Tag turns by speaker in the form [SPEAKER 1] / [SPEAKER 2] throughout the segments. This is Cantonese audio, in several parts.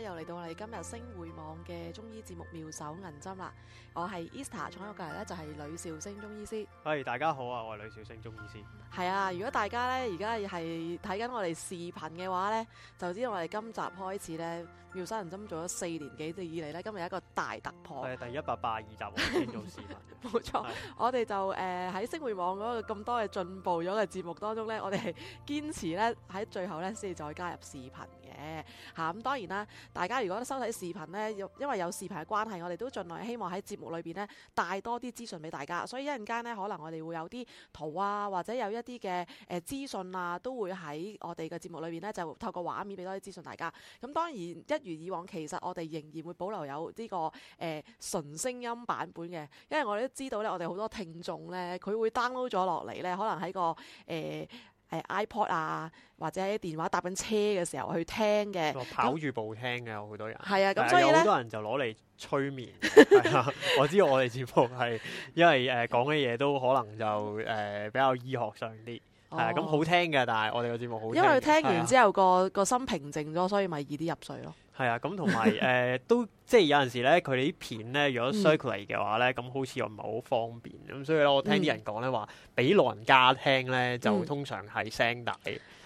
[SPEAKER 1] 又嚟到我哋今日星匯網嘅中醫節目《妙手銀針》啦，我係 Easter，坐喺隔籬咧就係呂兆星中醫師。係、
[SPEAKER 2] hey, 大家好啊，我係呂兆星中醫師。
[SPEAKER 1] 係 啊，如果大家咧而家係睇緊我哋視頻嘅話咧，就知我哋今集開始咧《妙手銀針》做咗四年幾，即以嚟咧今日有一個大突破。
[SPEAKER 2] 係第一百八十二集開
[SPEAKER 1] 始做視頻，冇 錯樂。我哋就誒喺、呃、星匯網嗰個咁多嘅進步咗嘅節目當中咧，我哋堅持咧喺最後咧先至再加入視頻。誒，吓咁、嗯、當然啦，大家如果收睇視頻呢，因為有視頻嘅關係，我哋都盡量希望喺節目裏邊呢帶多啲資訊俾大家。所以一陣間呢，可能我哋會有啲圖啊，或者有一啲嘅誒資訊啊，都會喺我哋嘅節目裏邊呢，就透過畫面俾多啲資訊大家。咁、嗯、當然，一如以往，其實我哋仍然會保留有呢、這個誒純聲音版本嘅，因為我哋都知道呢，我哋好多聽眾呢，佢會 download 咗落嚟呢，可能喺個誒。呃誒，iPod 啊，或者喺電話搭緊車嘅時候去聽嘅，跑
[SPEAKER 2] 住步聽嘅有好多人。係啊，咁所以呢，好多人就攞嚟催眠。 我知道我哋節目係，因為誒講嘅嘢都可能就誒、呃、比較醫學上啲，係、oh. 啊，咁、嗯、好聽嘅，但係我哋嘅節目好。因為佢聽完之
[SPEAKER 1] 後 個個心平靜咗，所以咪易啲入睡咯。
[SPEAKER 2] 係 啊，咁同埋誒都即係有陣時咧，佢哋啲片咧，如果 cycle 嚟嘅話咧，咁、嗯、好似又唔係好方便咁，所以咧我聽啲人講咧話俾老人家聽咧，嗯、就通常係聲大，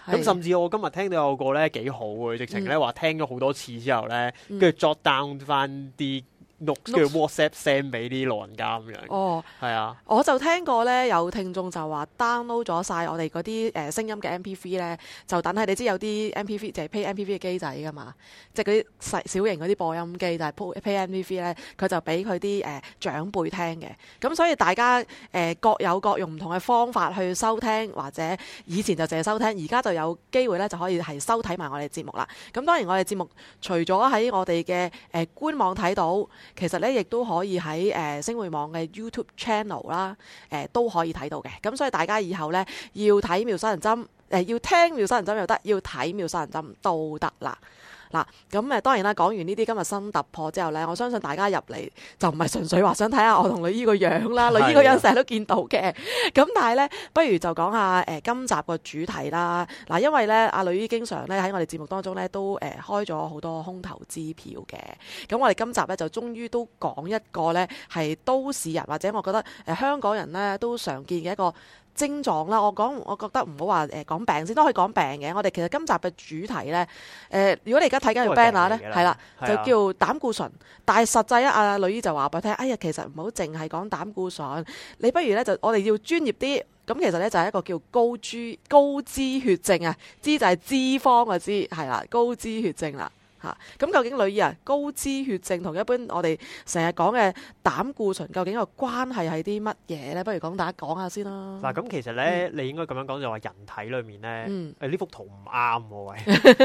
[SPEAKER 2] 咁的甚至我今日聽到有個咧幾好嘅，直情咧話聽咗好多次之後咧，跟住再 down 翻啲。用 WhatsApp send 俾啲老人家咁樣，係、oh, 啊，
[SPEAKER 1] 我就聽過咧，有聽眾就話 download 咗晒我哋嗰啲誒聲音嘅 M P V 咧，就等係你知有啲 M P V 就係 p a y M P V 嘅機仔噶嘛，即係嗰啲細小型嗰啲播音機，就係、是、p a y M P V 咧，佢就俾佢啲誒長輩聽嘅。咁所以大家誒、呃、各有各用唔同嘅方法去收聽，或者以前就淨係收聽，而家就有機會咧就可以係收睇埋我哋嘅節目啦。咁當然我哋嘅節目除咗喺我哋嘅誒官網睇到。其實咧，亦都可以喺誒、呃、星匯網嘅 YouTube channel 啦，誒、呃、都可以睇到嘅。咁所以大家以後呢，要睇《妙手銀針》，誒要聽《妙手銀針》又得，要睇《妙手銀針》都得啦。嗱，咁誒當然啦，講完呢啲今日新突破之後呢，我相信大家入嚟就唔係純粹話想睇下我同女姨個樣啦， 女姨個樣成日都見到嘅。咁 但係呢，不如就講下誒今集個主題啦。嗱，因為呢，阿女姨經常呢喺我哋節目當中呢都誒開咗好多空頭支票嘅。咁我哋今集呢，就終於都講一個呢係都市人或者我覺得誒香港人呢都常見嘅一個症狀啦，我講我覺得唔好話誒講病先，都可以講病嘅。我哋其實今集嘅主題呢，誒、呃、如果你而家睇緊嘅 banner 呢，係啦，是啊、就叫膽固醇。但係實際啊，阿女醫就話俾我聽，哎呀，其實唔好淨係講膽固醇，你不如呢，就我哋要專業啲。咁、嗯、其實呢，就係、是、一個叫高脂高脂血症啊，脂就係脂肪嘅脂，係啦，高脂血症啦、啊。嚇，咁究竟女醫啊，高脂血症同一般我哋成日講嘅膽固醇，究竟個關係係啲乜嘢咧？不如講大家講下先啦。嗱，咁其實咧，
[SPEAKER 2] 你應該咁樣講，就話人體裏面咧，誒，呢幅圖唔啱喎，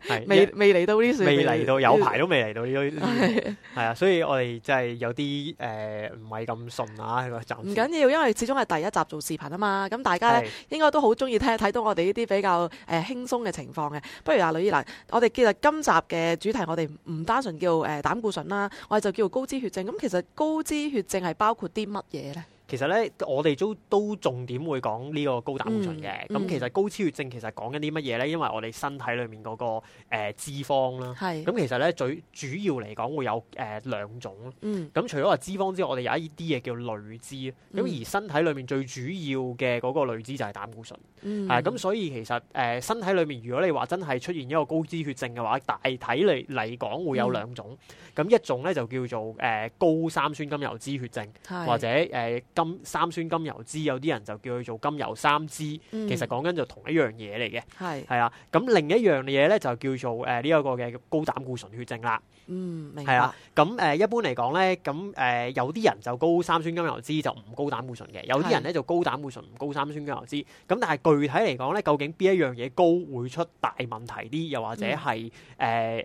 [SPEAKER 2] 係未未嚟到呢？未嚟到，有排都未嚟到呢？係啊，所以我哋真係有啲誒唔係咁順啊，暫時唔緊
[SPEAKER 1] 要，因為始終係第一集做視頻啊嘛。咁大家咧應該都好中意聽睇到我哋呢啲比較誒輕鬆嘅情況嘅。不如啊，女醫嗱，我哋其實今集。嘅主題我哋唔單純叫誒膽固醇啦，我哋就叫高脂血症。咁其實高脂血症係包括啲乜嘢呢？
[SPEAKER 2] 其實咧，我哋都都重點會講呢個高膽固醇嘅。咁、嗯嗯、其實高脂血症其實講緊啲乜嘢咧？因為我哋身體裏面嗰、嗰個、呃、脂肪啦，咁是其實咧，最主要嚟講會有誒、呃、兩種。咁、嗯、除咗話脂肪之外，我哋有一啲嘢叫類脂。咁、嗯、而身體裏面最主要嘅嗰個類脂就係膽固醇。嗯。咁、啊、所以其實誒、呃、身體裏面如果你話真係出現一個高脂血症嘅話，大體嚟嚟講會有兩種。咁、嗯嗯、一種咧就叫做誒高三酸甘油脂血症，或者誒。三酸甘油酯有啲人就叫佢做甘油三酯，其實講緊就同一樣嘢嚟嘅，係係啊。咁另一樣嘢咧就叫做誒呢一個嘅高膽固醇血症啦，嗯，
[SPEAKER 1] 明，係啊。
[SPEAKER 2] 咁誒一般嚟講咧，咁誒有啲人就高三酸甘油酯就唔高膽固醇嘅，有啲人咧就高膽固醇唔高三酸甘油酯。咁但係具體嚟講咧，究竟邊一樣嘢高會出大問題啲，又或者係誒誒誒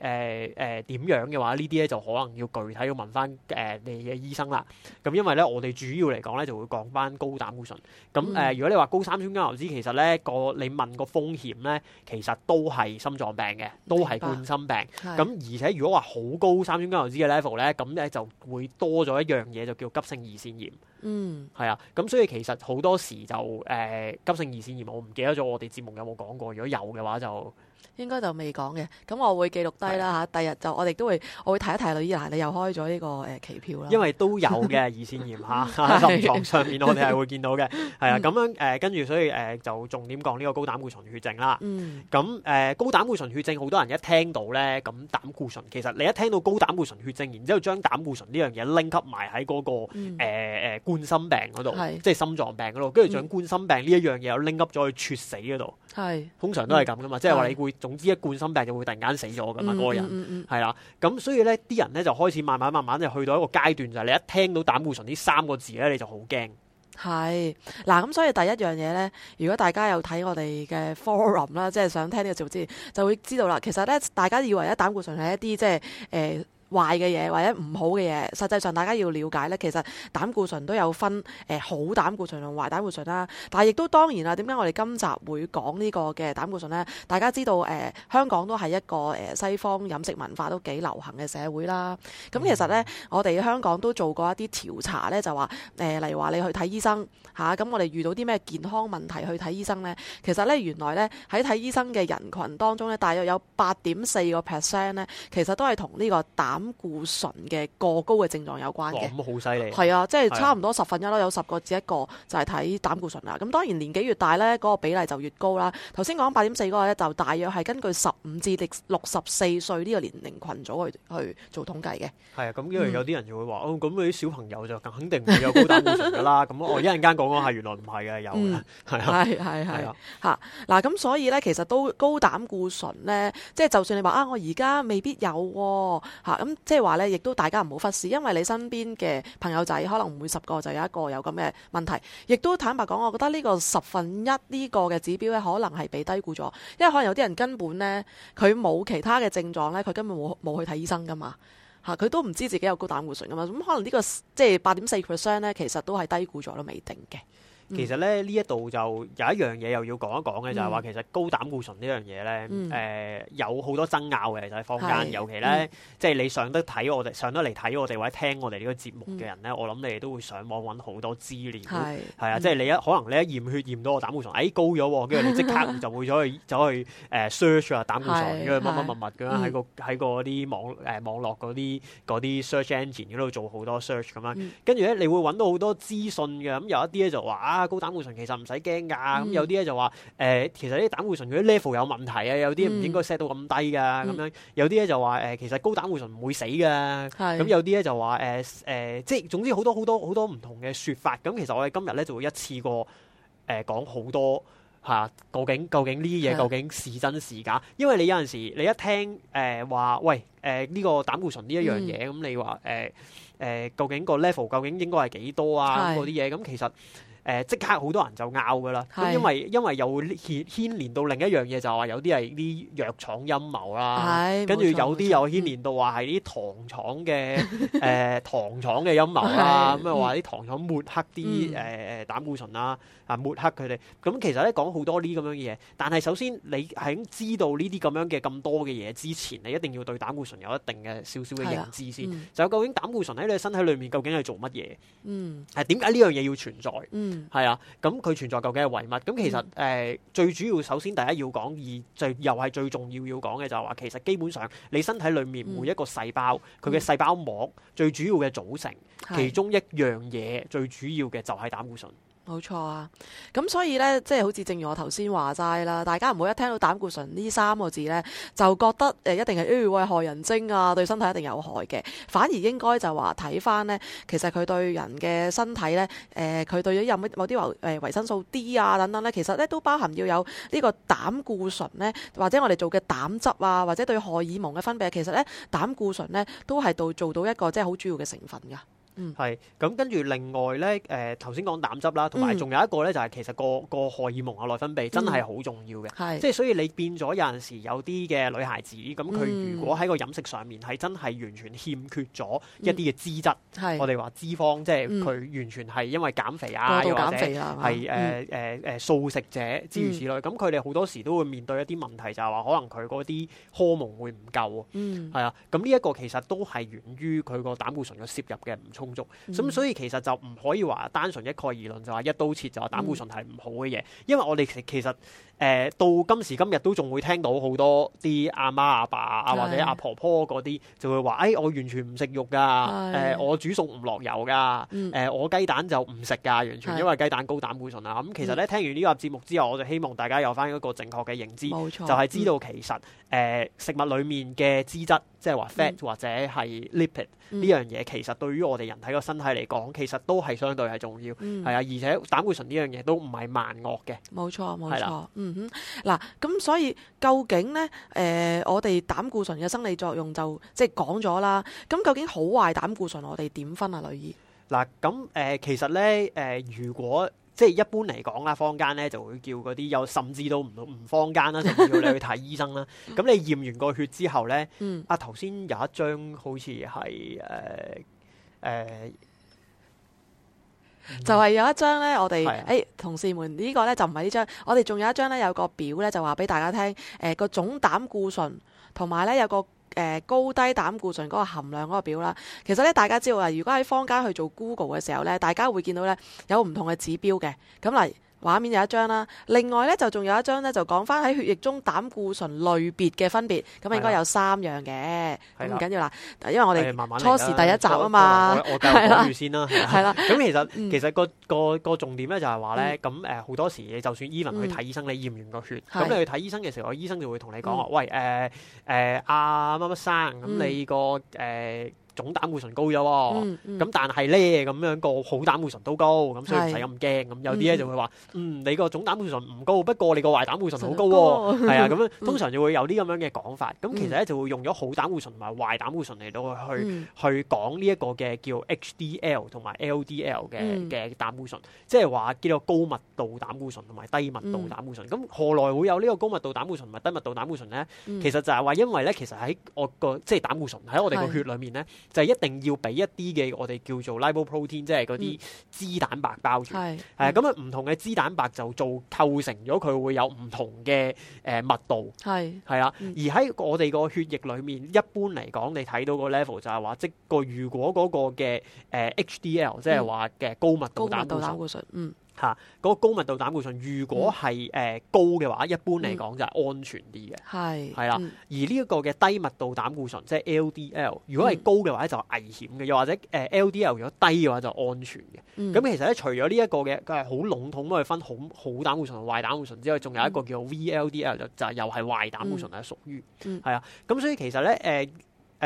[SPEAKER 2] 點樣嘅話，呢啲咧就可能要具體要問翻誒你嘅醫生啦。咁因為咧，我哋主要嚟講咧。就會講返高膽固醇，咁誒、嗯呃，如果你話高三酸甘油酯，其實咧個你問個風險咧，其實都係心臟病嘅，都係冠心病。咁白而且如果話好高三酸甘油酯嘅 level 咧，咁咧就會多咗一樣嘢，就叫急性胰腺炎。嗯，係啊、mm.，咁所以其實好多時，就誒、呃、急性胰腺炎，我唔記得咗我哋節目有冇講過，如果有嘅話就
[SPEAKER 1] 應該就未講嘅。咁我會記錄低啦嚇，第日的就我哋都會，我會睇一睇女咦，嗱，你又開咗呢個誒期票啦？因為
[SPEAKER 2] 都有嘅胰腺炎嚇，臨牀上面我哋係會見到嘅。係啊， 咁樣誒跟住所以誒就重點講呢個高膽固醇血症啦。嗯。咁誒高膽固醇血症好多人一聽到咧，咁膽固醇其實你一聽到高膽固醇血症，然之後將膽固醇呢樣嘢拎級埋喺嗰個誒、嗯呃冠心病嗰度，是即係心臟病嗰度，跟住仲冠心病呢一樣嘢，又拎扱咗去猝死嗰度，
[SPEAKER 1] 係是
[SPEAKER 2] 通常都係咁噶嘛，是即係話你會總之一冠心病就會突然間死咗噶嘛，嗰、嗯、個人係啦，咁、嗯嗯嗯、所以咧，啲人咧就開始慢慢慢慢就去到一個階段就係、是、你一聽到膽固醇呢三個字咧，你就好驚。
[SPEAKER 1] 係嗱，咁所以第一樣嘢咧，如果大家有睇我哋嘅 forum 啦，即係想聽呢個節目就知，就會知道啦。其實咧，大家以為一膽固醇係一啲即係誒。呃壞嘅嘢或者唔好嘅嘢，實際上大家要了解呢。其實膽固醇都有分誒好、呃、膽固醇同壞膽固醇啦。但係亦都當然啦，點解我哋今集會講呢個嘅膽固醇呢？大家知道誒、呃、香港都係一個誒、呃、西方飲食文化都幾流行嘅社會啦。咁其實呢，我哋香港都做過一啲調查呢，就話誒、呃，例如話你去睇醫生嚇，咁、啊、我哋遇到啲咩健康問題去睇醫生呢？其實呢，原來呢，喺睇醫生嘅人群當中呢，大約有八點四個 percent 呢，其實都係同呢個膽膽固醇嘅過高嘅症狀有關嘅，咁
[SPEAKER 2] 好犀利，係啊，即係差唔
[SPEAKER 1] 多十分一啦，有十個至一個就係睇膽固醇啦。咁當然年紀越大咧，嗰個比例就越高啦。頭先講八點四嗰個咧，就大約係根據十五至六十四歲呢個年齡群組去去做統計嘅。
[SPEAKER 2] 係啊，咁因為有啲人就會話哦，咁嗰啲小朋友就肯定唔會有高膽固醇㗎啦。咁我一陣間講講下，原來唔係嘅，有嘅，係啊，係係
[SPEAKER 1] 係啊，嗱，咁所以咧，其實都高膽固醇咧，即係就算你話啊，我而家未必有嚇。咁即係話咧，亦都大家唔好忽視，因為你身邊嘅朋友仔可能每十個就有一個有咁嘅問題。亦都坦白講，我覺得呢個十分一呢個嘅指標咧，可能係被低估咗，因為可能有啲人根本呢，佢冇其他嘅症狀呢，佢根本冇冇去睇醫生噶嘛，吓佢都唔知自己有高膽固醇噶嘛。咁可能呢個即係八點四 percent 呢，其實都係低估咗都未定嘅。其實
[SPEAKER 2] 咧，呢一度就有一樣嘢又要講一講嘅，就係話其實高膽固醇呢樣嘢咧，誒有好多爭拗嘅，就係坊間。尤其咧，即係你上得睇我哋上得嚟睇我哋或者聽我哋呢個節目嘅人咧，我諗你哋都會上網揾好多資料。係啊，即係你一可能你一驗血驗到個膽固醇，哎高咗喎，跟住你即刻就會走去走去誒 search 啊膽固醇，跟住乜乜乜乜咁樣喺個喺個啲網誒網絡嗰啲嗰啲 search engine 嗰度做好多 search 咁樣。跟住咧你會揾到好多資訊嘅，咁有一啲咧就話啊，高膽固醇其實唔使驚噶，咁、嗯、有啲咧就話誒、呃，其實啲膽固醇佢啲 level 有問題啊，有啲唔應該 set 到咁低噶，咁、嗯、樣有啲咧就話誒、呃，其實高膽固醇唔會死噶，咁是有啲咧就話誒誒，即係總之好多好多好多唔同嘅説法，咁其實我哋今日咧就會一次過誒、呃、講好多嚇、啊，究竟究竟呢啲嘢究竟是真是假？因為你有陣時你一聽誒話、呃，喂誒呢、呃呢個膽固醇呢一樣嘢，咁你話誒誒究竟個 level 究竟應該係幾多啊？嗰啲嘢咁其實。誒即刻好多人就拗㗎啦，因為因為又牽牽連到另一樣嘢，就係話有啲係啲藥廠陰謀啦，跟住有啲又牽連到話係啲糖廠嘅誒糖廠嘅陰謀啦。咁啊話啲糖廠抹黑啲誒誒膽固醇啦，啊抹黑佢哋，咁其實咧講好多呢啲咁樣嘢，但係首先你喺知道呢啲咁樣嘅咁多嘅嘢之前，你一定要對膽固醇有一定嘅少少嘅認知先，就究竟膽固醇喺你身體裏面究竟係做乜嘢？嗯，係點解呢樣嘢要存在？嗯。係、嗯、啊，咁佢存在究竟係為乜？咁其實誒、呃、最主要，首先第一要講，而最又係最重要要講嘅就係話，其實基本上你身體裡面每一個細胞，佢嘅、嗯、細胞膜最主要嘅組成，嗯、其中一樣嘢最主要嘅就係膽固醇。
[SPEAKER 1] 冇錯啊，咁所以呢，即係好似正如我頭先話齋啦，大家唔好一聽到膽固醇呢三個字呢，就覺得誒、呃、一定係誒害人精啊，對身體一定有害嘅。反而應該就話睇翻呢，其實佢對人嘅身體呢，誒、呃、佢對咗有咩某啲維生素 D 啊等等呢，其實呢都包含要有呢個膽固醇呢，或者我哋做嘅膽汁啊，或者對荷爾蒙嘅分泌，其實呢，膽固醇呢都係到做到一個即係好主要嘅成分㗎。
[SPEAKER 2] 係，咁跟住另外咧，誒頭先講膽汁啦，同埋仲有一個咧，嗯、就係其實個個荷爾蒙啊，內分泌真係好重要嘅，嗯、即係所以你變咗有陣時有啲嘅女孩子，咁佢如果喺個飲食上面係真係完全欠缺咗一啲嘅脂質，嗯、我哋話脂肪，即係佢完全係因為減肥啊，減肥啊或者係誒誒誒素食者諸如此類，咁佢哋好多時都會面對一啲問題，就係、是、話可能佢嗰啲荷蒙會唔夠，嗯，係、嗯、啊，咁呢一個其實都係源於佢個膽固醇嘅攝入嘅唔足。咁、嗯、所以其實就唔可以話單純一概而論，就話一刀切就話膽固醇係唔好嘅嘢，因為我哋其實。誒，到今時今日都仲會聽到好多啲阿媽阿爸啊，或者阿婆婆嗰啲就會話，誒，我完全唔食肉㗎，誒，我煮餸唔落油㗎，誒，我雞蛋就唔食㗎，完全因為雞蛋高膽固醇啊。咁其實咧，聽完呢個節目之後，我就希望大家有翻一個正確嘅認知，冇錯，就係知道其實，誒，食物裡面嘅脂質，即係話 fat 或者係 lipid 呢樣嘢，其實對於我哋人體個身體嚟講，其實都係相對係重要，係啊，而且膽固醇呢樣嘢都唔係萬惡嘅，
[SPEAKER 1] 冇錯，冇錯。嗱，咁、嗯、所以究竟呢？誒、呃，我哋膽固醇嘅生理作用就即係講咗啦。咁究竟好壞膽固醇，我哋點分啊？女姨，
[SPEAKER 2] 嗱，咁、呃、誒，其實呢，誒、呃，如果即係一般嚟講啦，坊間呢就會叫嗰啲，有甚至到唔唔坊間啦，就會叫你去睇醫生啦。咁 你驗完個血之後呢，嗯、啊，頭先有一張好似係誒誒。呃呃
[SPEAKER 1] 嗯、就係有一張呢，我哋誒同事們呢、呢個呢就唔係呢張，我哋仲有一張、呃、呢，有個、呃、個表呢，就話俾大家聽，誒個總膽固醇同埋呢，有個誒高低膽固醇嗰個含量嗰個表啦。其實呢，大家知道啊，如果喺坊間去做 Google 嘅時候呢，大家會見到呢，有唔同嘅指標嘅。咁嚟。畫面有一張啦，另外咧就仲有一張咧，就講翻喺血液中膽固醇類別嘅分別，咁應該有三樣嘅，唔的緊要啦，因為我哋初時第一集啊嘛，哎、慢慢我先啦，咁、啊、其
[SPEAKER 2] 實其實個個個重點咧就係話咧，咁誒好多時你就算伊文去睇醫生，你驗完個血，咁的你去睇醫生嘅時候，個醫生就會同你講話，嗯、喂誒誒阿乜乜生，咁、呃、你、呃呃啊嗯那個誒。呃嗯總膽固醇高咗喎，咁但係咧咁樣個好膽固醇都高，咁所以唔使咁驚。咁有啲咧就會話：嗯，你個總膽固醇唔高，不過你個壞膽固醇好高，係啊，咁樣通常就會有啲咁樣嘅講法。咁其實咧就會用咗好膽固醇同埋壞膽固醇嚟到去去講呢一個嘅叫 HDL 同埋 LDL 嘅嘅膽固醇，即係話叫做高密度膽固醇同埋低密度膽固醇。咁何來會有呢個高密度膽固醇同埋低密度膽固醇咧？其實就係話因為咧，其實喺我個即係膽固醇喺我哋個血裡面咧。就係一定要俾一啲嘅我哋叫做 lipoprotein 即係嗰啲脂蛋白包住。係咁、嗯、啊唔同嘅脂蛋白就做構成咗佢會有唔同嘅誒、呃、密度，係係啦。啊嗯、而喺我哋個血液裏面，一般嚟講，你睇到個 level 就係話即個如果嗰個嘅誒 HDL，即係話嘅高密度膽固醇，嗯。嚇，嗰個高密度膽固醇，如果係誒高嘅話，一般嚟講就係安全啲
[SPEAKER 1] 嘅。係、嗯，係啦。嗯、
[SPEAKER 2] 而呢一個嘅低密度膽固醇，即係 L D L，如果係高嘅話咧就危險嘅，又或者誒、呃、L D L 如果低嘅話就安全嘅。咁其實咧，除咗呢一個嘅，佢係好籠統都去分好好膽固醇同壞膽固醇之外，仲有一個叫 V L D L、嗯、就就又係壞膽固醇，係屬於係啊。咁、嗯嗯、所以其實咧誒。呃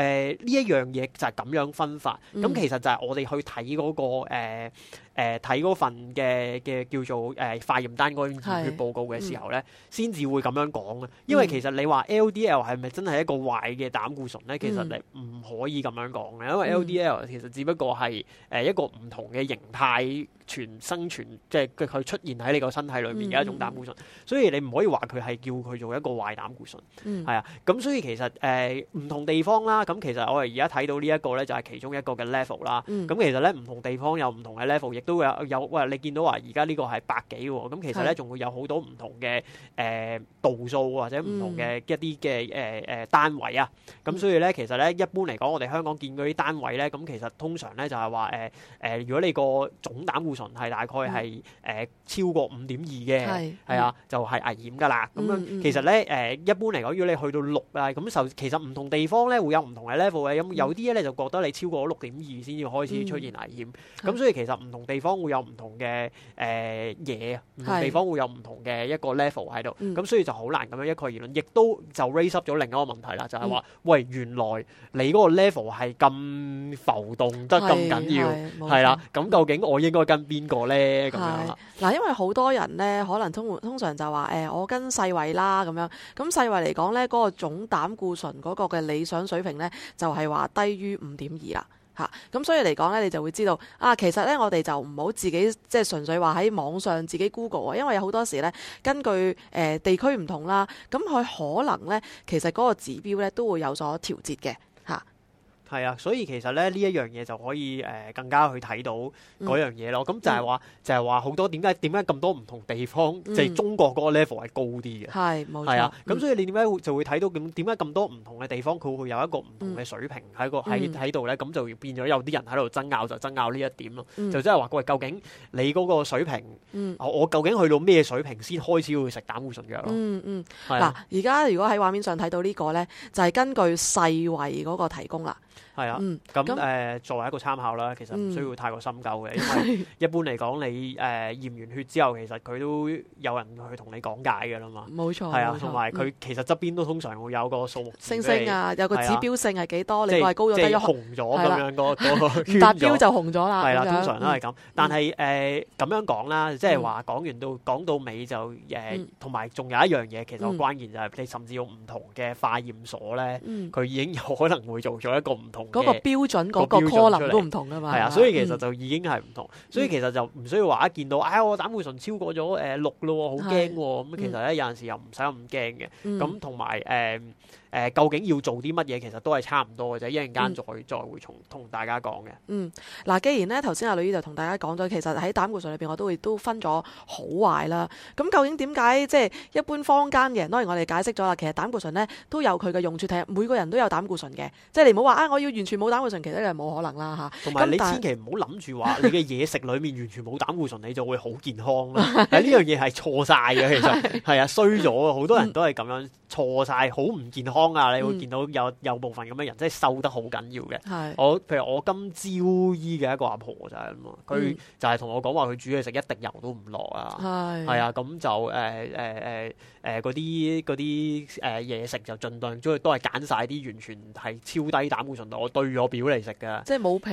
[SPEAKER 2] 誒呢、呃、一樣嘢就係咁樣分法，咁、嗯、其實就係我哋去睇嗰、嗰個誒睇嗰份嘅嘅叫做誒、呃、化驗單嗰個是報告嘅時候咧，先至、嗯、會咁樣講嘅。因為其實你話 LDL 係咪真係一個壞嘅膽固醇咧？其實你唔可以咁樣講嘅，因為 LDL 其實只不過係誒、呃、一個唔同嘅形態。存生存即係佢佢出現喺你個身體裏面嘅一種膽固醇，嗯、所以你唔可以話佢係叫佢做一個壞膽固醇，係、嗯、啊，咁所以其實誒唔、呃、同地方啦，咁其實我哋而家睇到呢一個咧就係其中一個嘅 level 啦，咁、嗯、其實咧唔同地方有唔同嘅 level，亦都會有有喂、呃，你見到話而家呢個係百幾喎，咁其實咧仲是會有好多唔同嘅誒度數或者唔同嘅一啲嘅誒誒單位啊，咁、嗯、所以咧其實咧一般嚟講我哋香港見嗰啲單位咧，咁、嗯、其實通常咧就係話誒誒如果你個總膽固係大概係誒超過五點二嘅，係係啊，就係危險噶啦。咁樣其實咧誒一般嚟講，如果你去到六啊，咁就其實唔同地方咧會有唔同嘅 level 嘅。咁有啲咧就覺得你超過咗六點二先至開始出現危險，咁所以其實唔同地方會有唔同嘅誒嘢，唔同地方會有唔同嘅一個 level 喺度，咁所以就好難咁樣一概而論，亦都就 raise up 咗另一個問題啦，就係話喂，原來你嗰個 level 係咁浮動得咁緊要，係啦，咁究竟我應該跟邊個呢？咁樣，
[SPEAKER 1] 嗱，因為好多人呢，可能通通常就話誒、欸，我跟世衛啦咁樣。咁世衛嚟講呢，嗰個總膽固醇嗰個嘅理想水平呢，就係話低於五點二啦。嚇、啊，咁所以嚟講呢，你就會知道啊，其實呢，我哋就唔好自己即係純粹話喺網上自己 Google 啊，因為有好多時呢，根據誒地區唔同啦，咁佢可能呢，其實嗰個指標呢，都會有所調節嘅。
[SPEAKER 2] 係啊，所以其實咧，呢一樣嘢就可以誒、呃、更加去睇到嗰樣嘢咯。咁就係話、嗯、就係話好多點解點解咁多唔同地方即係、嗯、中國嗰個 level 係高啲嘅係冇錯。係啊，咁所以你點解就會睇到咁點解咁多唔同嘅地方佢會有一個唔同嘅水平喺個喺喺度咧？咁、嗯嗯、就變咗有啲人喺度爭拗就爭拗呢一點咯。嗯、就即係話喂，究竟你嗰個水平、嗯、我究竟去到咩水平先開始會食膽固醇藥
[SPEAKER 1] 咯嗯？嗯嗯。嗱、啊，而家如果喺畫面上睇到呢、這個咧，就係、是、根據世衛嗰個提供啦。
[SPEAKER 2] 係啊，咁誒作為一個參考啦，其實唔需要太過深究嘅，因為一般嚟講，你誒驗完血之後，其實佢都有人去同你講解嘅啦嘛。冇錯，係啊，同埋佢其實側邊都通常會有個數目星星啊，有個指標
[SPEAKER 1] 性係幾多，你係高咗、低咗、紅咗咁樣個個。達標就紅咗啦，係啦，通常都係咁。
[SPEAKER 2] 但係誒咁樣講啦，即係話講完到講到尾就誒，同埋仲有一樣嘢其實好關鍵就係你甚至用唔同嘅化驗所咧，佢已經有可能會做咗一個唔同。嗰個標準，嗰個可能都唔同啊嘛，係啊，所以其實就已經係唔同，嗯、所以其實就唔需要話一見到，哎，我膽固醇超過咗誒六咯，好驚喎，咁是、哦、其實咧、嗯、有陣時又唔使咁驚嘅，咁同埋誒。究竟要做啲乜嘢，其實都係差唔多嘅啫，一陣間再、嗯、再，再會從同大家講嘅。嗯，
[SPEAKER 1] 嗱、啊，既然呢頭先阿女姨就同大家講咗，其實喺膽固醇裏邊我都會都分咗好壞啦。咁究竟點解即係一般坊間嘅人？當然我哋解釋咗啦，其實膽固醇呢都有佢嘅用處，睇下每個人都有膽固醇嘅。即係你唔好話啊，我要完全冇膽固醇，其實又冇可能啦。同埋你千祈唔好諗
[SPEAKER 2] 住話你嘅嘢食裏面 完全冇膽固醇，你就會好健康。呢樣嘢係錯晒嘅，其實係啊衰咗，好多人都係咁樣錯晒好唔健康。方啊！你會見到有有部分咁嘅人，即係瘦得好緊要嘅。我譬如我今朝醫嘅一個阿婆就係咁啊，佢就係同我講話，佢煮嘢食一滴油都唔落啊。係啊，咁就誒誒誒誒嗰啲嗰啲誒嘢食就儘量，即係都係揀晒啲完全係超低膽固醇我對住我表嚟食嘅。即係冇皮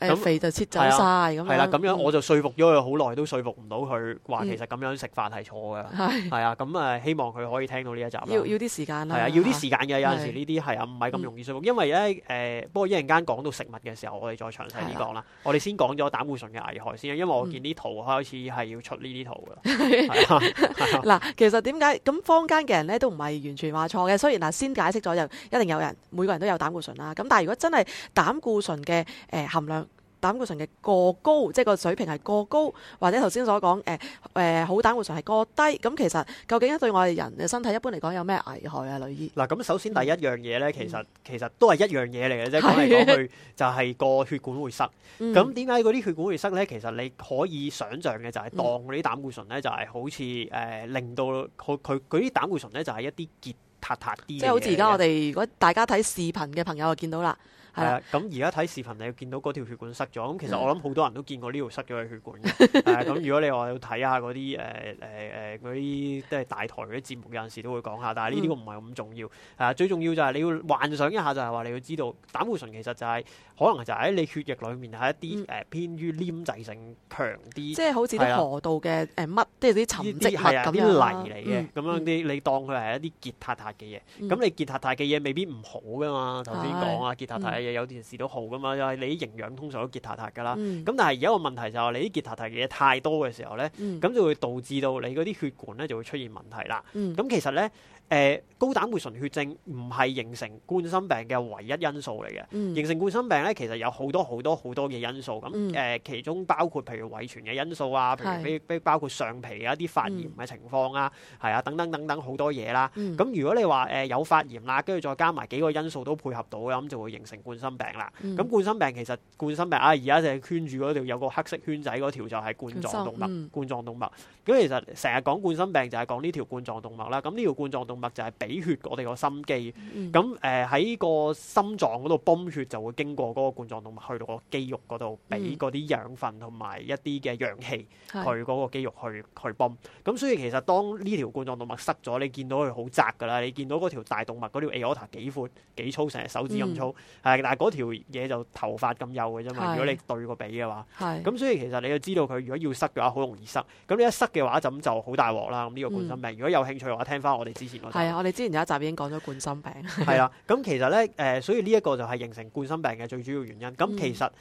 [SPEAKER 2] 誒肥就切走晒。咁樣。係啦，咁樣我就說服咗佢好耐，都說服唔到佢話其實咁樣食飯係錯嘅。係啊，咁啊希望佢可以聽到呢一集。要要
[SPEAKER 1] 啲時間啊！係啊，要啲時間。有陣、嗯、時呢
[SPEAKER 2] 啲係啊唔係咁容易舒服，因為咧誒、呃，不過一陣間講到食物嘅時候，我哋再詳細啲講啦。啊、我哋先講咗膽固醇嘅危害先，因為我見啲圖開始係要出呢啲圖嘅啦。係
[SPEAKER 1] 啦、嗯，嗱 哈，其實點解咁坊間嘅人咧都唔係完全話錯嘅？雖然嗱，先解釋咗就一定有人每個人都有膽固醇啦。咁但係如果真係膽固醇嘅誒、呃、含量，膽固醇嘅過高，即係個水平係過高，或者頭先所講誒誒好膽固醇係過低，咁其實究竟對我哋人嘅身體一般嚟講有咩危害啊？女醫
[SPEAKER 2] 嗱，咁首先第一樣嘢咧、嗯，其實其實都係一樣嘢嚟嘅啫，講嚟講去就係、是、個血管會塞。咁點解嗰啲血管會塞咧？其實你可以想像嘅就係當嗰啲膽固醇咧、嗯呃，就係好似誒令到佢佢啲膽固醇咧，就係一啲結塌塌啲。即係好似而家我哋
[SPEAKER 1] 如果大家睇視頻嘅朋友就見到啦。係
[SPEAKER 2] 啊，咁而家睇視頻你要見到嗰條血管塞咗，咁其實我諗好多人都見過呢條塞咗嘅血管。咁如果你話要睇下嗰啲誒誒誒嗰啲即係大台嗰啲節目有陣時都會講下，但係呢啲唔係咁重要。係啊，最重要就係你要幻想一下，就係話你要知道膽固醇其實就係可能就喺你血液裡面係一啲誒偏於黏滯性強啲，即係好似啲河
[SPEAKER 1] 道嘅誒乜，即係啲沉積物啲泥嚟嘅，咁樣
[SPEAKER 2] 啲你當佢係一啲結塔塔嘅嘢。咁你結塔塔嘅嘢未必唔好㗎嘛，頭先講啊，結塔塔有件事都好噶嘛，就係你啲營養通常都結塔塔噶啦。咁，嗯，但係而家個問題就係你啲結塔塔嘅嘢太多嘅時候咧，咁，嗯，就會導致到你嗰啲血管咧就會出現問題啦。咁，嗯，其實咧。誒、呃、高膽固醇血症唔係形成冠心病嘅唯一因素嚟嘅，嗯、形成冠心病咧其實有好多好多好多嘅因素，咁誒、嗯呃、其中包括譬如遺傳嘅因素啊，嗯、譬如包括上皮啊一啲發炎嘅情況啊，係、嗯、啊等等等等好多嘢啦。咁、嗯、如果你話誒、呃、有發炎啦，跟住再加埋幾個因素都配合到咁就會形成冠心病啦。咁、嗯、冠心病其實冠心病啊，而家就係圈住嗰條有個黑色圈仔嗰條就係、是、冠狀動脈，嗯、冠狀動脈。咁、嗯嗯、其實成日講冠心病就係講呢條冠狀動脈啦。咁呢條冠狀動脈物就係俾血我哋個心肌，咁誒喺個心臟嗰度泵血就會經過嗰個冠狀動脈去到個肌肉嗰度，俾嗰啲養分同埋一啲嘅氧氣去嗰個肌肉去去泵。咁、嗯、所以其實當呢條冠狀動脈塞咗，你見到佢好窄㗎啦。你見到嗰條大動脈嗰條 aorta 幾寬幾粗，成隻手指咁粗，嗯、但係嗰條嘢就頭髮咁幼嘅，啫嘛、嗯。如果你對個比嘅話，咁、嗯、所以其實你要知道佢如果要塞嘅話，好容易塞。咁你一塞嘅話就咁就好大鑊啦。咁呢個冠心病，嗯、如果有興趣嘅話，聽翻我哋之前。係啊，
[SPEAKER 1] 我哋之前有一集已經講咗冠心病。係 啦，
[SPEAKER 2] 咁其實咧，誒、呃，所以呢一個就係形成冠心病嘅最主要原因。咁其實誒、嗯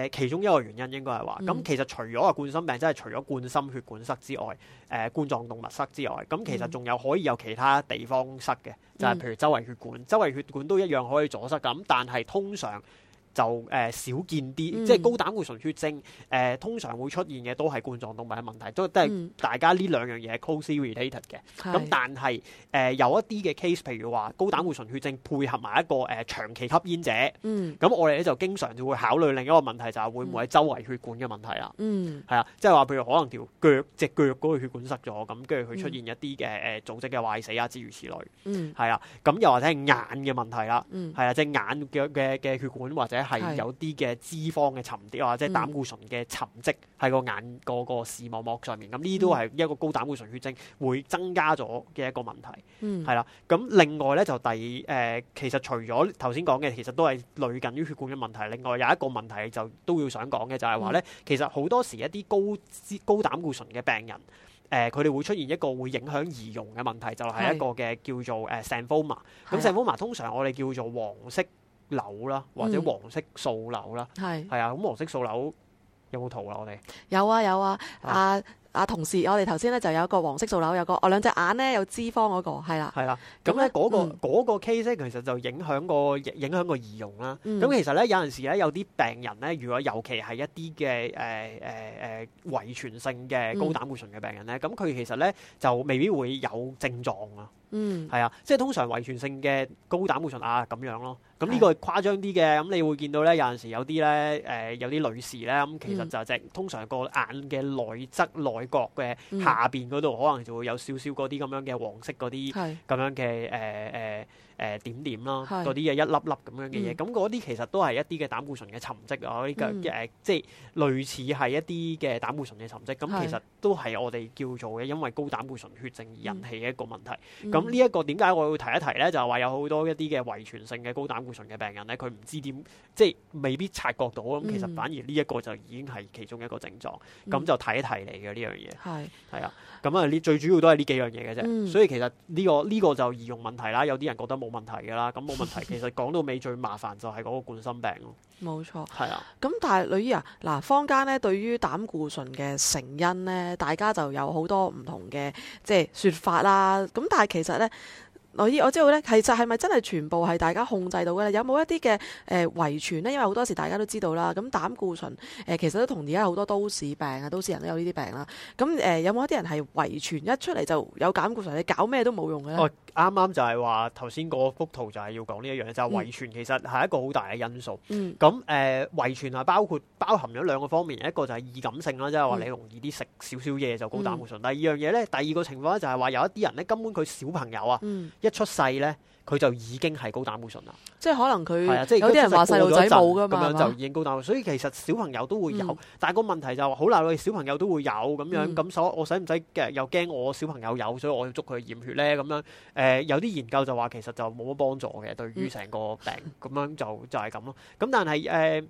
[SPEAKER 2] 呃，其中一個原因應該係話，咁、嗯、其實除咗冠心病，即係除咗冠心血管塞之外，誒、呃，冠狀動脈塞之外，咁其實仲有可以有其他地方塞嘅，嗯、就係譬如周圍血管，周圍血管都一樣可以阻塞咁，但係通常。就誒少見啲，即係高膽固醇血症誒，通常會出現嘅都係冠狀動脈嘅問題，都都係大家呢兩樣嘢 closely related 嘅。咁但係誒有一啲嘅 case，譬如話高膽固醇血症配合埋一個誒長期吸煙者，咁我哋咧就經常就會考慮另一個問題，就係會唔會喺周圍血管嘅問題啦？係啊，即係話譬如可能條腳隻腳嗰個血管塞咗，咁跟住佢出現一啲嘅誒組織嘅壞死啊，諸如此類。係啊，咁又或者係眼嘅問題啦。係啊，隻眼嘅嘅嘅血管或者。係有啲嘅脂肪嘅沉積啊，即係膽固醇嘅沉積，喺個眼個個視網膜上面。咁呢啲都係一個高膽固醇血症會增加咗嘅一個問題。嗯，係啦。咁另外咧就第誒，其實除咗頭先講嘅，其實都係類近於血管嘅問題。另外有一個問題就都要想講嘅，就係話咧，其實好多時一啲高高膽固醇嘅病人，誒佢哋會出現一個會影響儀容嘅問題，就係一個嘅叫做誒 Xanthoma。咁 Xanthoma 通常我哋叫做黃色瘤啦，或者黃色素瘤啦，係係、嗯、啊，咁黃色素瘤有冇圖啊？我哋
[SPEAKER 1] 有啊有啊，阿阿、啊啊啊啊、同事，我哋頭先咧就有一個黃色素瘤，有個我兩隻眼咧有脂肪嗰、那個，係啦、啊，
[SPEAKER 2] 係啦、啊，咁咧嗰個 case 呢，其實就影響個影響個儀容啦。咁、嗯、其實咧有陣時咧有啲病人咧，如果尤其係一啲嘅誒誒誒遺傳性嘅高膽固醇嘅病人咧，咁佢、嗯、其實咧就未必會有症狀啊。嗯，係啊，即係通常遺傳性嘅高膽固醇啊咁樣咯，咁呢個係誇張啲嘅，咁你會見到咧有陣時有啲咧誒有啲女士咧，咁其實就隻、嗯、通常個眼嘅內側內角嘅下邊嗰度，可能就會有少少嗰啲咁樣嘅黃色嗰啲咁樣嘅誒誒。是呃呃誒點點咯，嗰啲嘢一粒粒咁樣嘅嘢，咁嗰啲其實都係一啲嘅膽固醇嘅沉積哦，呢個誒即係類似係一啲嘅膽固醇嘅沉積，咁其實都係我哋叫做嘅因為高膽固醇血症而引起嘅一個問題。咁呢一個點解我要提一提咧？就係話有好多一啲嘅遺傳性嘅高膽固醇嘅病人咧，佢唔知點即係未必察覺到，咁其實反而呢一個就已經係其中一個症狀，咁就睇一睇你嘅呢樣嘢。係係啊，咁啊呢最主要都係呢幾樣嘢嘅啫，所以其實呢個呢個就易用問題啦。有啲人覺得冇。冇問題噶啦，咁冇問題。 其實講到尾最麻煩就係嗰個冠心病咯。冇錯錯，係啊。
[SPEAKER 1] 咁但係女醫啊，嗱，坊間呢對於膽固醇嘅成因呢，大家就有好多唔同嘅即係說法啦。咁但係其實呢。我知道咧，其實係咪真係全部係大家控制到嘅咧？有冇一啲嘅誒遺傳咧？因為好多時大家都知道啦，咁膽固醇誒、呃、其實都同而家好多都市病啊，都市人都有呢啲病啦。咁誒、呃、有冇一啲人係遺傳一出嚟就有膽固醇？你搞咩都冇用嘅咧。哦，
[SPEAKER 2] 啱啱就係話頭先嗰幅圖就係要講呢一樣嘢，就係、遺傳其實係一個好大嘅因素。咁誒、嗯呃、遺傳係包括包含咗兩個方面，一個就係易感性啦，即係話你容易啲食、嗯、少少嘢就高膽固醇。第二樣嘢咧，第二個情況咧就係話有一啲人咧根本佢小朋友啊。嗯一出世咧，佢就已經係高膽固醇啦。
[SPEAKER 1] 即係可能佢即係有啲人話細路仔做噶嘛，就已
[SPEAKER 2] 經高膽固醇，嗯、所以其實小朋友都會有。嗯、但係個問題就話、是、好啦我哋小朋友都會有咁樣咁所、嗯、我使唔使又驚我小朋友有，所以我要捉佢驗血咧咁樣？誒、呃、有啲研究就話其實就冇乜幫助嘅，對於成個病咁、嗯、樣就就係咁咯。咁但係誒、呃，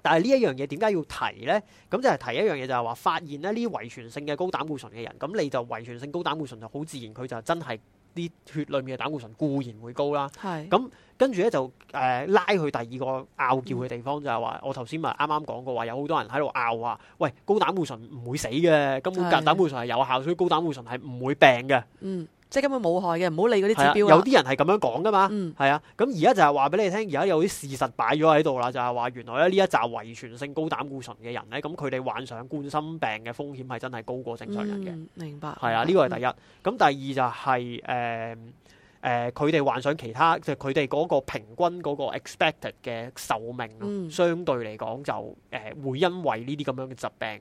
[SPEAKER 2] 但係呢一樣嘢點解要提咧？咁就係提一樣嘢就係、是、話發現咧呢遺傳性嘅高膽固醇嘅人，咁你就遺傳性高膽固醇就好自然，佢就真係。啲血裏面嘅膽固醇固然會高啦，係咁跟住咧就誒、呃、拉去第二個拗撬嘅地方、嗯、就係話，我頭先咪啱啱講過話，有好多人喺度拗話，喂高膽固醇唔會死嘅，根本高膽固醇係有效，所以高膽固醇係唔會病嘅。嗯。
[SPEAKER 1] 即係根本冇害嘅，唔好理嗰啲指標。有啲人
[SPEAKER 2] 係咁樣講噶嘛，係啊、嗯。咁而家就係話俾你聽，而家有啲事實擺咗喺度啦，就係、是、話原來咧呢一羣遺傳性高膽固醇嘅人咧，咁佢哋患上冠心病嘅風險係真係高過正常人嘅、
[SPEAKER 1] 嗯。明白。係啊，呢個係第
[SPEAKER 2] 一。咁、嗯、第二就係誒誒，佢哋患上其他，即係佢哋嗰個平均嗰個 expected 嘅壽命、嗯、相對嚟講就誒、呃、會因為呢啲咁樣嘅疾病。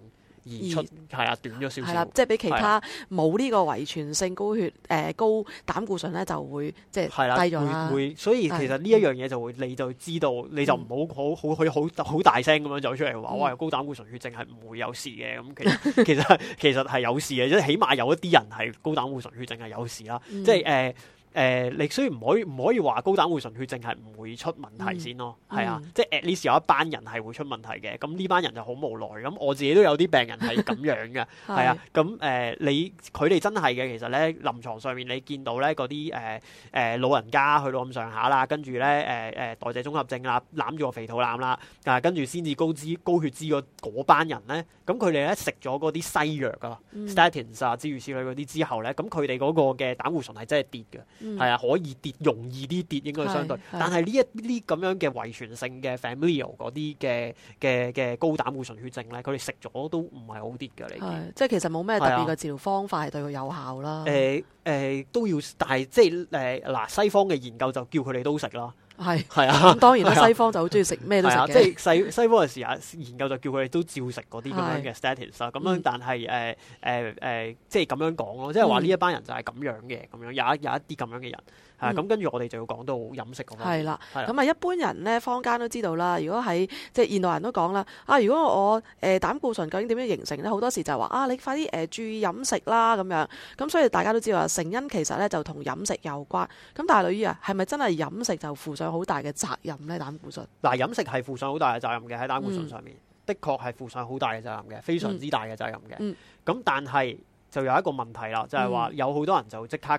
[SPEAKER 2] 而出係啊，短咗少少。係啦，即係比其他
[SPEAKER 1] 冇呢個遺傳性高血誒、呃、高膽固醇咧，就會即係低咗啦。會，會，所以其實呢
[SPEAKER 2] 一樣嘢就會，你就知道、嗯、你就唔好好好可好好大聲咁樣走出嚟話，哇！嗯、高膽固醇血症係唔會有事嘅咁。其實其實其實係有事嘅，即係起碼有一啲人係高膽固醇血症係有事啦。嗯、即係誒。呃誒、呃，你所以唔可以唔可以話高膽固醇血症係唔會出問題先咯，係、嗯、啊，即係 at least 有一班人係會出問題嘅，咁呢班人就好無奈。咁我自己都有啲病人係咁樣嘅，係、嗯、啊，咁誒、啊呃，你佢哋真係嘅，其實咧臨床上面你見到咧嗰啲誒誒老人家去到咁上下啦，跟住咧誒誒代謝綜合症啦，攬住個肥肚腩啦，啊，跟住先至高脂高血脂嗰班人咧，咁佢哋咧食咗嗰啲西藥、嗯、St 啊，statins 啊之,之類之類嗰啲之後咧，咁佢哋嗰個嘅膽固醇係真係跌嘅。係、嗯、啊，可以跌，容易啲跌，應該相對。但係呢一啲咁樣嘅遺傳性嘅 familial 嗰啲嘅嘅嘅高膽固醇血症咧，佢哋食咗都唔係好跌嘅嚟。你即
[SPEAKER 1] 係其實冇咩特別嘅治療方法係、啊、對佢有效啦。誒
[SPEAKER 2] 誒都要，但係即係誒嗱西方嘅研究就叫佢哋都食啦。係，係啊，咁當然啦，西
[SPEAKER 1] 方就好中意食咩都食、啊、即係西西
[SPEAKER 2] 方嘅時候研究就叫佢哋都照食嗰啲咁樣嘅 status 啦、啊，咁、嗯、樣，但係誒誒誒，即係咁樣講咯，即係話呢一班人就係咁樣嘅，咁樣有有一啲咁樣嘅人。啊，咁跟住我哋就要講到飲食咁樣。係啦，咁啊，一
[SPEAKER 1] 般人咧，坊間都知道啦。如果喺即係現代人都講啦，啊，如果我誒膽固醇究竟點樣形成咧，好多時就係話啊，你快啲誒注意飲食啦咁樣。咁所以大家都知道啦，成因其實咧就同飲食有關。咁但係女醫啊，係咪真係飲食就負上好大嘅責任咧？膽固醇
[SPEAKER 2] 嗱，飲食係負上好大嘅責任嘅喺膽固醇上面，的確係負上好大嘅責任嘅，非常之大嘅責任嘅。咁但係就有一個問題啦，就係話有好多人就即刻。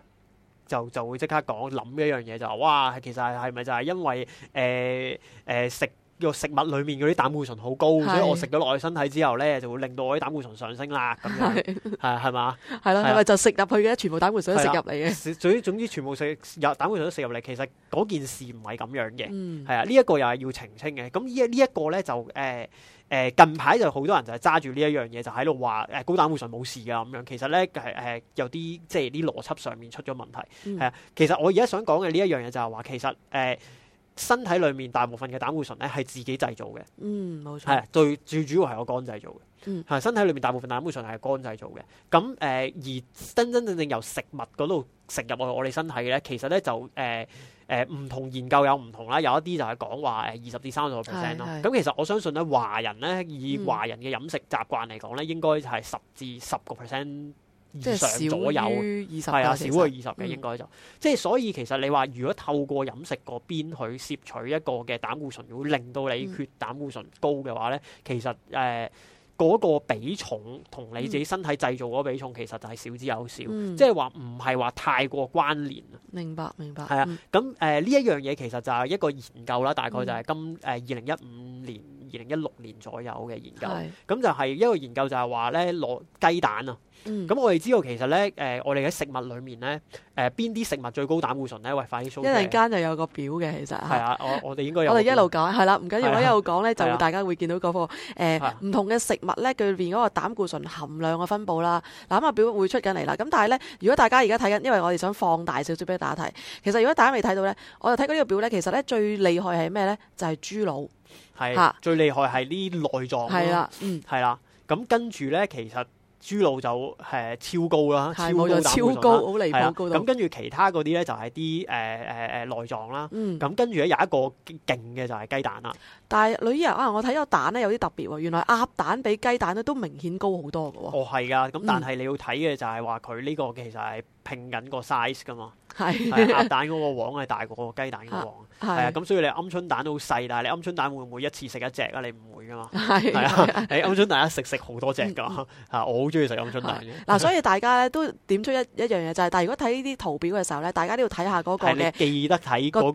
[SPEAKER 2] 就就會即刻講諗一樣嘢就是，哇，其實係咪就係因為誒誒、呃呃、食？叫食物裏面嗰啲膽固醇好高，是所以我食咗落去身體之後咧，就會令到我啲膽固醇上升啦。咁樣係啊，係嘛是？
[SPEAKER 1] 係咯，係咪就食入去嘅？全部膽固醇都食入嚟
[SPEAKER 2] 嘅。總總之，全部食有膽固醇都食入嚟。其實嗰件事唔係咁樣嘅。係啊、嗯，呢一、這個又係要澄清嘅。咁呢呢一個咧就誒誒、呃，近排就好多人就係揸住呢一樣嘢，就喺度話誒高膽固醇冇事噶咁樣。其實咧誒、呃、有啲即係啲邏輯上面出咗問題。係啊、嗯就是，其實我而家想講嘅呢一樣嘢就係話，其實誒。呃身體裏面大部分嘅膽固醇咧係自己製造嘅，嗯，冇錯，係最最主要係我肝製造嘅，嗯，係身體裏面大部分膽固醇係肝製造嘅。咁誒、呃，而真真正正由食物嗰度食入去我哋身體嘅咧，其實咧就誒誒唔同研究有唔同啦，有一啲就係講話誒二十至三十個 percent 咯。咁、啊、其實我相信咧，華人咧以華人嘅飲食習慣嚟講咧，嗯、應該就係十至十個 percent。即係少於，二十啊，對實少去二十嘅應該就，嗯、即係所以其實你話如果透過飲食嗰邊去攝取一個嘅膽固醇，會令到你血膽固醇高嘅話咧，嗯、其實誒嗰、呃那個比重同你自己身體製造嗰比重、嗯、其實就係少之又少，嗯、即係話唔係話太過關聯。
[SPEAKER 1] 明白，明白。係
[SPEAKER 2] 啊的，咁誒呢一樣嘢其實就係一個研究啦，大概就係今誒二零一五年。嗯二零一六年左右嘅研究，咁是就係一個研究就係話咧攞雞蛋啊，咁、嗯、我哋知道其實咧，誒、呃、我哋喺食物裏面咧，誒邊啲食物最高膽固醇咧？喂，快啲 show 一陣間
[SPEAKER 1] 就有個表嘅，其實係啊，啊我
[SPEAKER 2] 我哋應該有我哋一路
[SPEAKER 1] 講、啊、係啦，唔緊要，我一路講咧，啊、就大家會見到嗰、那個唔同嘅食物咧，佢裏邊嗰個膽固醇含量嘅分布啦，嗱咁啊表會出緊嚟啦。咁但係咧，如果大家而家睇緊，因為我哋想放大少少俾你打睇，其實如果大家未睇到咧，我就睇過呢個表咧，其實咧最厲害係咩咧？就係、是、豬腦。
[SPEAKER 2] 係是哈最厲害係呢內臟係啦，啊、嗯係啦，咁跟住咧，其實豬腦就誒超高啦，超高膽固醇啦，咁跟住其他嗰啲咧就係啲誒誒誒內臟啦，嗯咁跟住咧有一個勁嘅就係雞蛋啦，
[SPEAKER 1] 但係旅遊啊，我睇個蛋咧有啲特別喎、啊，原來鴨蛋比雞蛋咧都明顯高好多噶喎、啊，嗯、
[SPEAKER 2] 哦係噶，咁但係你要睇嘅就係話佢呢個其實係。拼緊個 size 噶嘛。係的鴨蛋嗰個黃係大過個雞蛋嘅黃，係啊，咁所以你鵪鶉蛋都好細，但係你鵪鶉蛋會唔會一次食一隻啊？你唔會噶嘛，係啊的，你鵪鶉蛋一食食好多隻噶，嚇、嗯、 我好中意食鵪鶉蛋嗱、啊，所以
[SPEAKER 1] 大家咧都點出一一樣嘢就係， 但係如果睇呢啲圖表嘅時候咧，大家都要睇下嗰、那個你
[SPEAKER 2] 記得睇、那個、個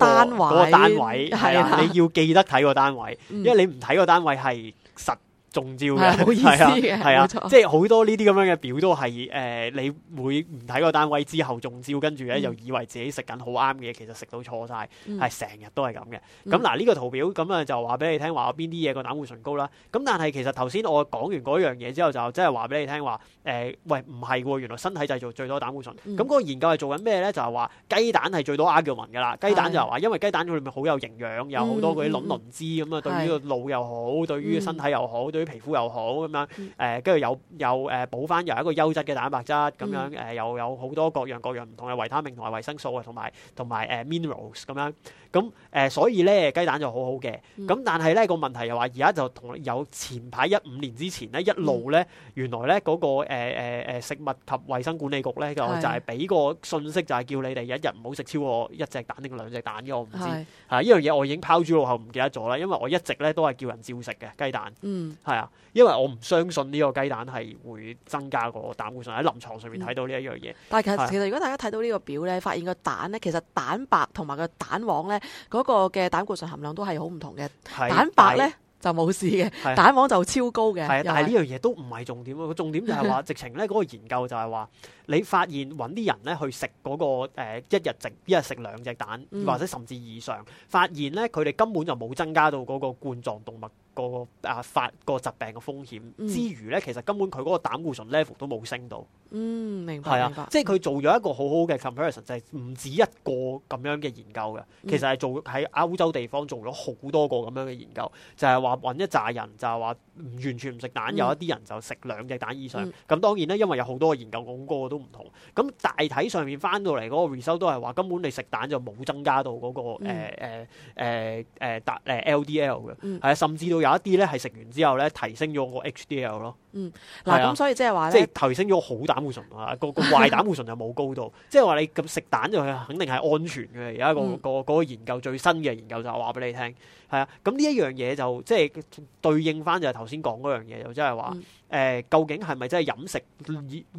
[SPEAKER 2] 單位，係啊，你要記得睇個單位，嗯、因為你唔睇個單位係實。中招嘅，係啊，係啊，即係好多呢啲咁樣嘅表都係誒，你會唔睇個單位之後中招，跟住咧又以為自己食緊好啱嘅嘢，其實食到錯晒，係成日都係咁嘅。咁嗱呢個圖表咁啊，就話俾你聽話有邊啲嘢個膽固醇高啦。咁但係其實頭先我講完嗰樣嘢之後，就即係話俾你聽話誒，喂唔係喎，原來身體製造最多膽固醇。咁嗰個研究係做緊咩咧？就係話雞蛋係最多阿膠胺㗎啦。雞蛋就話因為雞蛋佢咪好有營養，有好多嗰啲卵磷脂咁啊，對於個腦又好，對於身體又好。啲皮膚又好咁樣，誒跟住有有誒、呃、補翻又係一個優質嘅蛋白質咁樣，誒、呃呃、又有好多各樣各樣唔同嘅維他命同埋維生素啊，同埋同埋誒、呃、Minerals 咁樣。咁誒、呃，所以咧雞蛋就好好嘅。咁、嗯、但係咧個問題又話，而家就同有前排一五年之前咧一路咧，嗯、原來咧嗰、那個誒誒、呃、食物及衞生管理局咧是就就係俾個信息，就係叫你哋一日唔好食超過一隻蛋定兩隻蛋嘅。我唔知是啊，呢樣嘢我已經拋諸腦後，唔記得咗啦。因為我一直咧都係叫人照食嘅雞蛋。嗯，係啊，因為我唔相信呢個雞蛋係會增加個膽固醇喺臨床上面睇到呢一樣嘢、嗯。但係其實，是其
[SPEAKER 1] 實如果大家睇到呢個表咧，發現個蛋咧其實蛋白同埋個蛋黃咧，嗰個嘅膽固醇含量都係好唔同嘅，蛋白咧但就冇事嘅，的蛋黃就超高嘅。的是但係呢樣
[SPEAKER 2] 嘢都唔係重點咯，重點就係話 直情咧嗰個研究就係話，你發現搵啲人咧去食嗰、嗰個、呃、一日食一日食兩隻蛋，嗯、或者甚至以上，發現咧佢哋根本就冇增加到嗰個冠狀動物。個啊發個疾病嘅風險、嗯、之餘咧，其實根本佢嗰個膽固醇 level 都冇升到。
[SPEAKER 1] 嗯，明白，係啊，
[SPEAKER 2] 即係佢做咗一個好好嘅 comparison，就係、是、唔止一個咁樣嘅研究嘅，一其實係做喺歐洲地方做咗好多個咁樣嘅研究，就係話揾一紮人就，就係話完全唔食蛋，有一啲人就食兩隻蛋以上。咁一、嗯嗯、當然咧，因為有好多個研究，個個都唔同。咁大體上面翻到嚟嗰個 result 都係話，根本你食蛋就冇增加到嗰、那個誒誒誒誒 LDL 嘅，係啊唉，甚至到。嗯有一啲咧係食完之後咧提升咗個 HDL 咯，
[SPEAKER 1] 嗯，嗱咁所以即係話咧，即係
[SPEAKER 2] 提升咗好膽固醇啊，個個壞膽固醇就冇高度。即係話你咁食蛋就肯定係安全嘅，有一、個個嗰、嗯、個研究最新嘅研究就話俾你聽，係啊，咁呢一樣嘢就即係對應翻就係頭先講嗰樣嘢，就即係話誒，究竟係咪真係飲食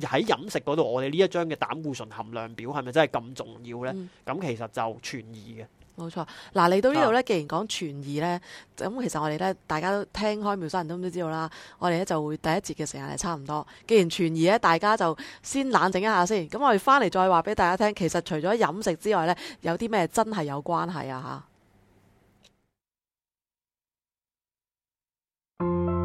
[SPEAKER 2] 喺飲食嗰度，我哋呢一張嘅膽固醇含量表係咪真係咁重要咧？咁、嗯、其實就存疑嘅。
[SPEAKER 1] 冇錯，嗱嚟到呢度咧，既然講傳言呢，咁、啊、其實我哋咧，大家都聽開《妙手銀針》，都都知道啦。我哋咧就會第一節嘅時間係差唔多。既然傳言呢，大家就先冷靜一下先。咁我哋翻嚟再話俾大家聽，其實除咗飲食之外呢，有啲咩真係有關係啊？吓、嗯。